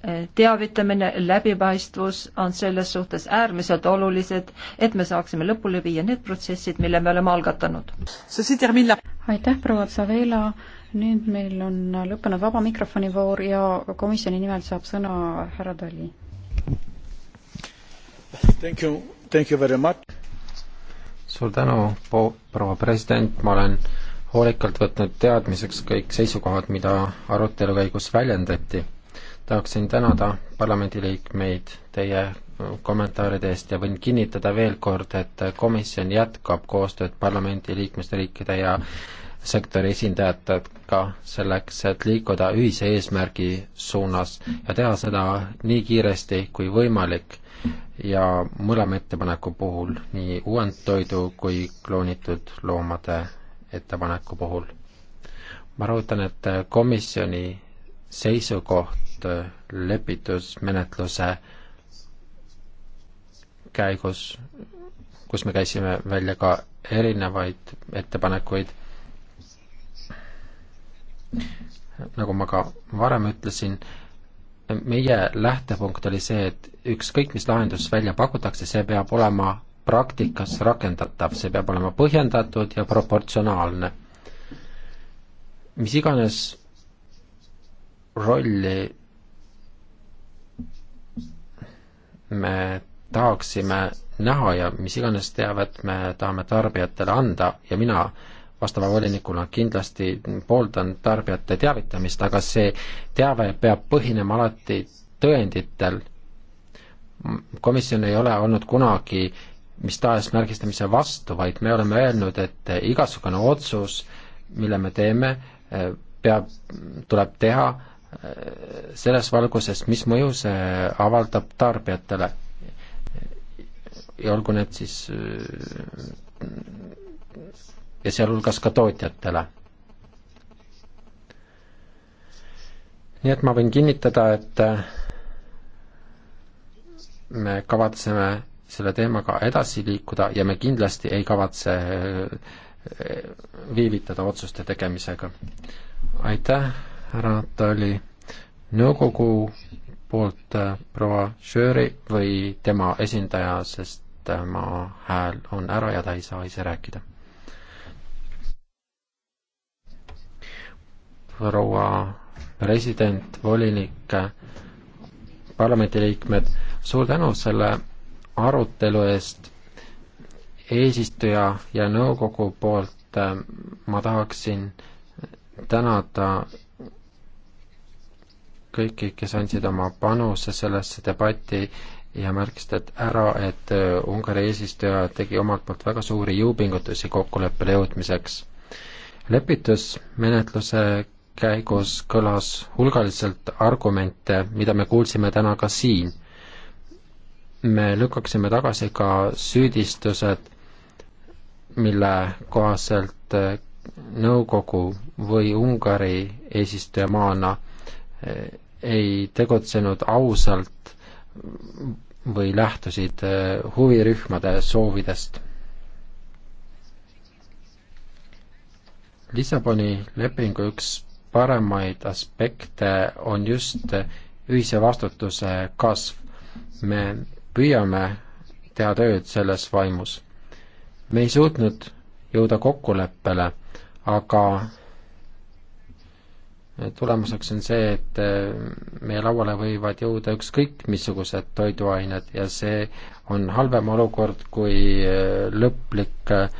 e, teavitamine, läbipaistvus on selles suhtes äärmiselt olulised, et me saaksime lõpule viia need protsessid, mille me oleme algatanud. aitäh, proua Savela, nüüd meil on lõppenud vaba mikrofoni voor ja komisjoni nimel saab sõna härra Tali. Thank you, thank you very much. suur tänu, proua president, ma olen hoolikalt võtnud teadmiseks kõik seisukohad, mida arutelu käigus väljendati tahaksin tänada parlamendiliikmeid teie kommentaaride eest ja võin kinnitada veel kord, et komisjon jätkab koostööd parlamendi liikmesriikide ja sektori esindajatega selleks, et liikuda ühise eesmärgi suunas ja teha seda nii kiiresti kui võimalik ja mõlema ettepaneku puhul, nii uuendtoidu kui kloonitud loomade ettepaneku puhul. ma rõhutan, et komisjoni seisukoht et lepitusmenetluse käigus, kus me käisime välja ka erinevaid ettepanekuid, nagu ma ka varem ütlesin, meie lähtepunkt oli see, et ükskõik, mis lahendus välja pakutakse, see peab olema praktikas rakendatav, see peab olema põhjendatud ja proportsionaalne. mis iganes rolli me tahaksime näha ja mis iganes teavet me tahame tarbijatele anda ja mina vastava volinikuna kindlasti pooldan tarbijate teavitamist, aga see teave peab põhinema alati tõenditel. komisjon ei ole olnud kunagi mis tahes märgistamise vastu, vaid me oleme öelnud, et igasugune otsus, mille me teeme, peab, tuleb teha selles valguses, mis mõju see avaldab tarbijatele? ja olgu need siis ja sealhulgas ka tootjatele. nii et ma võin kinnitada, et me kavatseme selle teemaga edasi liikuda ja me kindlasti ei kavatse eh, viivitada otsuste tegemisega. aitäh! härra Tali nõukogu poolt äh, proua Schöri või tema esindaja, sest tema äh, hääl on ära ja ta ei saa ise rääkida. proua president, volinik, äh, parlamendiliikmed, suur tänu selle arutelu eest eesistuja ja nõukogu poolt ma tahaksin tänada kõiki, kes andsid oma panuse sellesse debatti ja märkisid ära, et äh, Ungari eesistuja tegi omalt poolt väga suuri jõupingutusi kokkuleppele jõudmiseks. lepitusmenetluse käigus kõlas hulgaliselt argumente, mida me kuulsime täna ka siin. me lükkaksime tagasi ka süüdistused, mille kohaselt äh, nõukogu või Ungari eesistujamaana äh, ei tegutsenud ausalt või lähtusid äh, huvirühmade soovidest. Lissaboni lepingu üks paremaid aspekte on just ühise vastutuse kasv. me püüame teha tööd selles vaimus. me ei suutnud jõuda kokkuleppele, aga tulemuseks on see, et äh, meie lauale võivad jõuda ükskõik missugused toiduained ja see on halvem olukord kui äh, lõplik äh,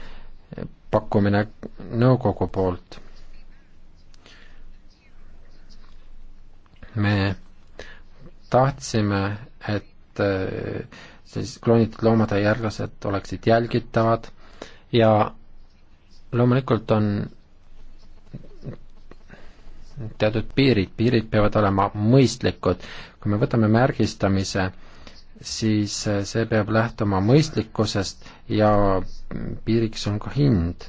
pakkumine nõukogu poolt. me tahtsime, et siis kloonitud loomade järglased oleksid jälgitavad ja loomulikult on teatud piirid, piirid peavad olema mõistlikud. kui me võtame märgistamise, siis eh, see peab lähtuma mõistlikkusest ja piiriks on ka hind.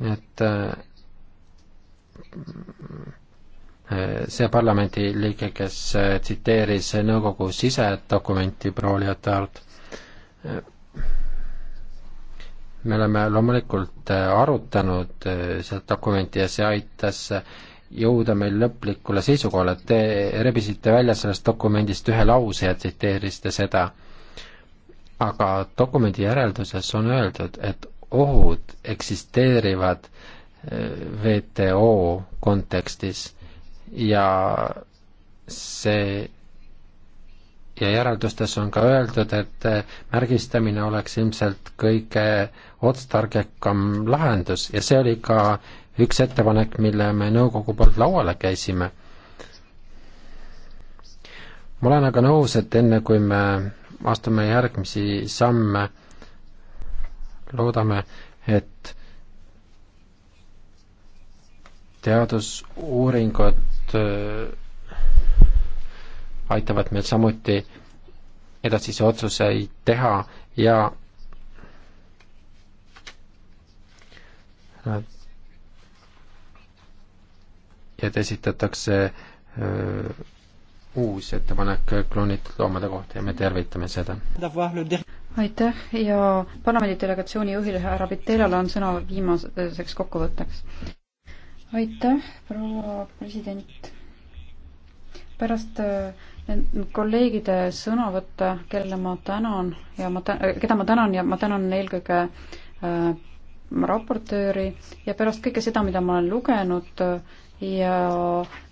et eh, see parlamendiliige, kes eh, tsiteeris nõukogu sisedokumenti proua Liotard, me oleme loomulikult äh, arutanud äh, seda dokumenti ja see aitas äh, jõuda meil lõplikule seisukohale, et te rebisite välja sellest dokumendist ühe lause ja tsiteerisite seda. aga dokumendi järelduses on öeldud, et ohud eksisteerivad WTO kontekstis ja see ja järeldustes on ka öeldud, et märgistamine oleks ilmselt kõige otstarbekam lahendus ja see oli ka üks ettepanek, mille me nõukogu poolt lauale käisime. ma olen aga nõus, et enne kui me astume järgmisi samme, loodame, et teadusuuringud äh, aitavad meil samuti edasisi otsuseid teha ja ja et esitatakse öö, uus ettepanek kloonitud loomade kohta ja me tervitame seda. aitäh ja parlamendi delegatsiooni juhile härra Pitelale on sõna viimaseks kokkuvõtteks. aitäh, proua president pärast kolleegide sõnavõtte, kellele ma tänan ja ma tä-, keda ma tänan ja ma tänan eelkõige raportööri ja pärast kõike seda, mida ma olen lugenud ja,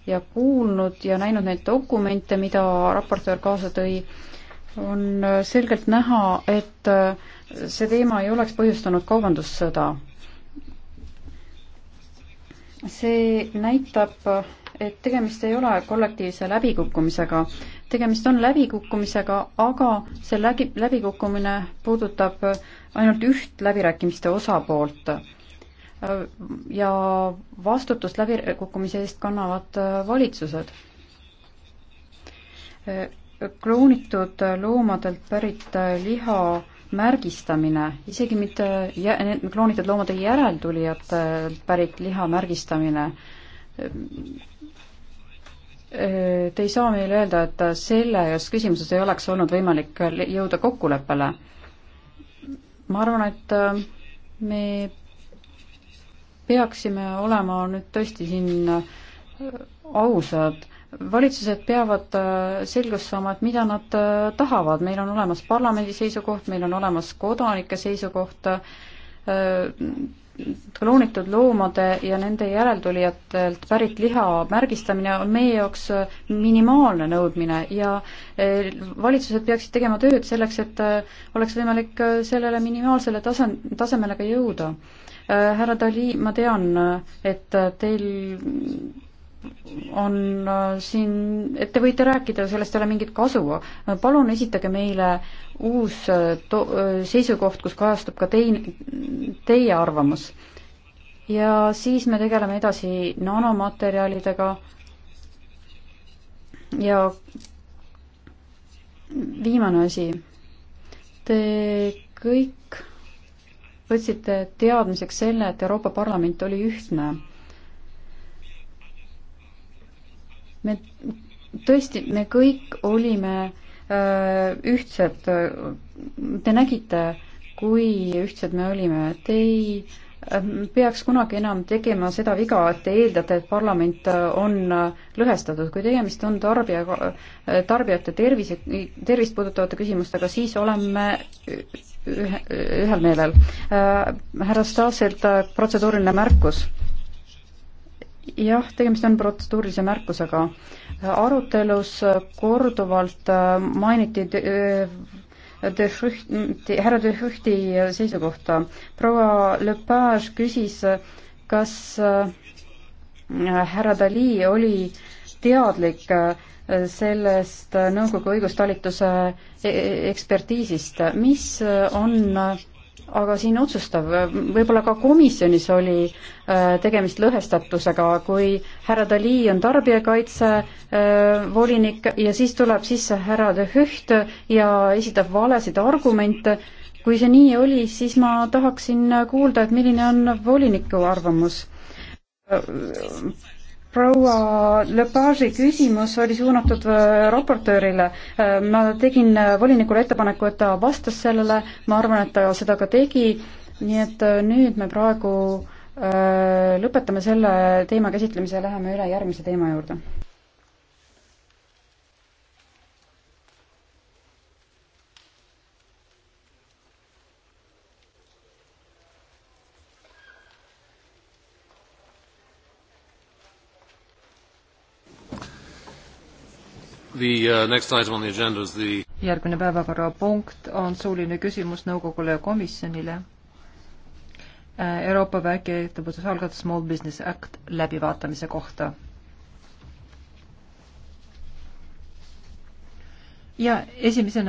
ja kuulnud ja näinud neid dokumente, mida raportöör kaasa tõi, on selgelt näha, et see teema ei oleks põhjustanud kaubandussõda. see näitab, et tegemist ei ole kollektiivse läbikukkumisega tegemist on läbikukkumisega, aga see läbi, läbikukkumine puudutab ainult üht läbirääkimiste osapoolt. ja vastutust läbikukkumise eest kannavad valitsused. kloonitud loomadelt pärit liha märgistamine, isegi mitte jä-, kloonitud loomade järeltulijatelt pärit liha märgistamine Äh, te ei saa meile öelda, et selles küsimuses ei oleks olnud võimalik jõuda kokkuleppele. ma arvan, et äh, me peaksime olema nüüd tõesti siin äh, ausad. valitsused peavad selgust saama, et mida nad tahavad, meil on olemas parlamendi seisukoht, meil on olemas kodanike seisukoht, kloonitud loomade ja nende järeltulijatelt pärit liha märgistamine on meie jaoks äh, minimaalne nõudmine ja äh, valitsused peaksid tegema tööd selleks, et äh, oleks võimalik sellele minimaalsele tase, tasemele ka jõuda. härra Dali, ma tean, et teil on äh, siin, et te võite rääkida, sellest ei ole mingit kasu. palun esitage meile uus äh, to-, äh, seisukoht, kus kajastub ka tein-, teie arvamus. ja siis me tegeleme edasi nanomaterjalidega ja viimane asi. Te kõik võtsite teadmiseks selle, et Euroopa Parlament oli ühtne me tõesti, me kõik olime ühtsed. Te nägite, kui ühtsed me olime. Te ei ähm, peaks kunagi enam tegema seda viga, et te eeldate, et parlament äh, on äh, lõhestatud. kui tegemist on tarbija, äh, tarbijate tervise, tervist puudutavate küsimustega, siis oleme ühe, ühel meelel. härra Staselt protseduuriline märkus jah, tegemist on protseduurilise märkusega. arutelus korduvalt äh, mainiti äh, De Frühti, härra De Frühti seisukohta. proua Lepage küsis, kas äh, härra Dali oli teadlik sellest nõukogu õigustalituse e-, e-, ekspertiisist, mis on aga siin otsustav, võib-olla ka komisjonis oli äh, tegemist lõhestatusega, kui härra Dali on tarbijakaitsevolinik äh, ja siis tuleb sisse härra De Hüht ja esitab valesid argumente. kui see nii oli, siis ma tahaksin kuulda, et milline on voliniku arvamus äh, proua Lepagi küsimus oli suunatud äh, raportöörile. Äh, ma tegin äh, volinikule ettepaneku, et ta vastas sellele, ma arvan, et ta seda ka tegi, nii et nüüd me praegu lõpetame selle teema käsitlemise ja läheme üle järgmise teema juurde. Uh, järgmine päevakorrapunkt on suuline küsimus nõukogule ja komisjonile äh, Euroopa väikeettevõtluse algatus Small Business Act läbivaatamise kohta. ja esimesena